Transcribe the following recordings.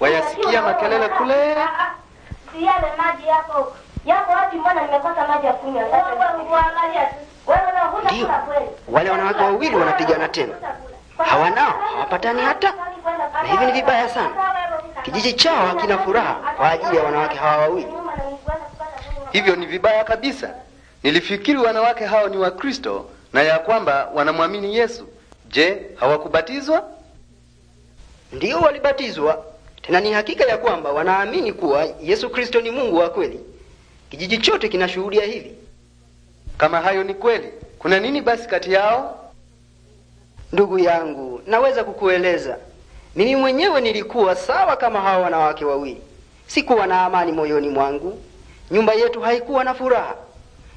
Wayasikia makelele kule? Si yale maji yako. Yako wapi mbona nimekosa maji ya kunywa? tu. Ndio. Wale wanawake wawili wanapigana tena. Hawanao, hawapatani hata. Na hivi ni vibaya sana. Kijiji chao hakina furaha kwa ajili ya wanawake hawa wawili. Hivyo ni vibaya kabisa. Nilifikiri wanawake hao ni Wakristo na ya kwamba wanamwamini Yesu. Je, hawakubatizwa? Ndio, walibatizwa. Tena ni hakika ya kwamba wanaamini kuwa Yesu Kristo ni Mungu wa kweli. Kijiji chote kinashuhudia hivi. Kama hayo ni kweli, kuna nini basi kati yao? Ndugu yangu, naweza kukueleza. Mimi mwenyewe nilikuwa sawa kama hao wanawake wawili. Sikuwa na amani moyoni mwangu. Nyumba yetu haikuwa na furaha.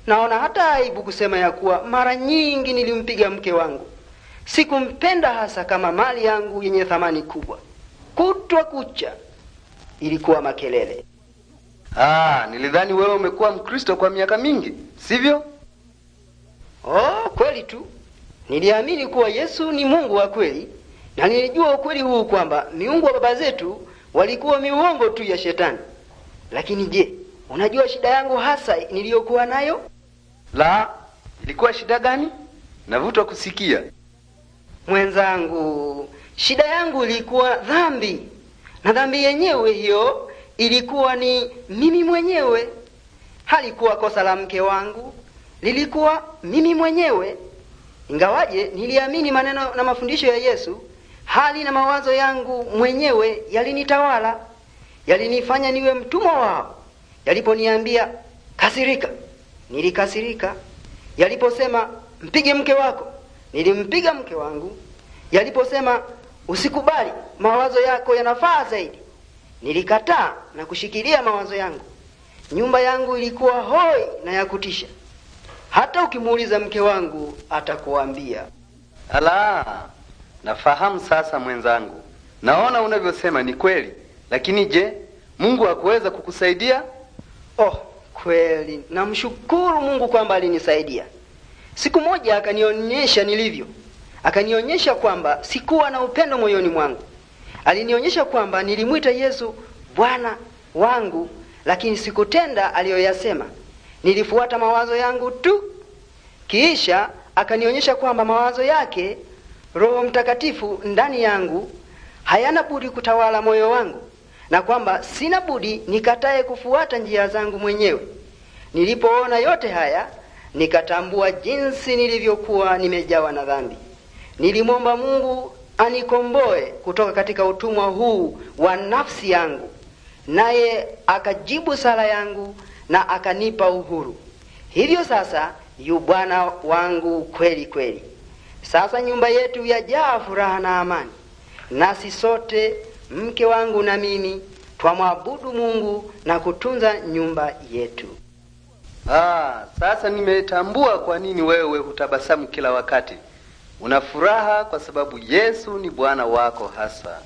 Naona hata aibu kusema ya kuwa mara nyingi nilimpiga mke wangu. Sikumpenda hasa kama mali yangu yenye thamani kubwa kutwa kucha ilikuwa makelele. Ah, nilidhani wewe umekuwa Mkristo kwa miaka mingi, sivyo? Oh, kweli tu. Niliamini kuwa Yesu ni Mungu wa kweli na nilijua ukweli huu kwamba miungu wa baba zetu walikuwa miuongo tu ya shetani. Lakini je, unajua shida yangu hasa niliyokuwa nayo? La, ilikuwa shida gani? Navutwa kusikia. Mwenzangu, shida yangu ilikuwa dhambi na dhambi yenyewe hiyo ilikuwa ni mimi mwenyewe, halikuwa kosa la mke wangu, lilikuwa mimi mwenyewe. Ingawaje niliamini maneno na mafundisho ya Yesu, hali na mawazo yangu mwenyewe yalinitawala, yalinifanya niwe mtumwa wao. Yaliponiambia kasirika, nilikasirika. Yaliposema mpige mke wako, nilimpiga mke wangu. Yaliposema Usikubali mawazo yako yanafaa zaidi. Nilikataa na kushikilia mawazo yangu. Nyumba yangu ilikuwa hoi na ya kutisha. Hata ukimuuliza mke wangu atakuambia. Ala, nafahamu sasa mwenzangu. Naona unavyosema ni kweli. Lakini je, Mungu hakuweza kukusaidia? Oh, kweli. Namshukuru Mungu kwamba alinisaidia. Siku moja akanionyesha nilivyo akanionyesha kwamba sikuwa na upendo moyoni mwangu. Alinionyesha kwamba nilimwita Yesu Bwana wangu, lakini sikutenda aliyoyasema. Nilifuata mawazo yangu tu. Kisha akanionyesha kwamba mawazo yake Roho Mtakatifu ndani yangu hayana budi kutawala moyo wangu na kwamba sina budi nikatae kufuata njia zangu mwenyewe. Nilipoona yote haya, nikatambua jinsi nilivyokuwa nimejawa na dhambi nilimwomba Mungu anikomboe kutoka katika utumwa huu wa nafsi yangu, naye akajibu sala yangu na akanipa uhuru. Hivyo sasa yu Bwana wangu kweli kweli. Sasa nyumba yetu yajaa furaha na amani, nasi sote mke wangu na mimi twamwabudu Mungu na kutunza nyumba yetu. Ah, sasa nimetambua kwa nini wewe hutabasamu kila wakati. Una furaha kwa sababu Yesu ni Bwana wako hasa.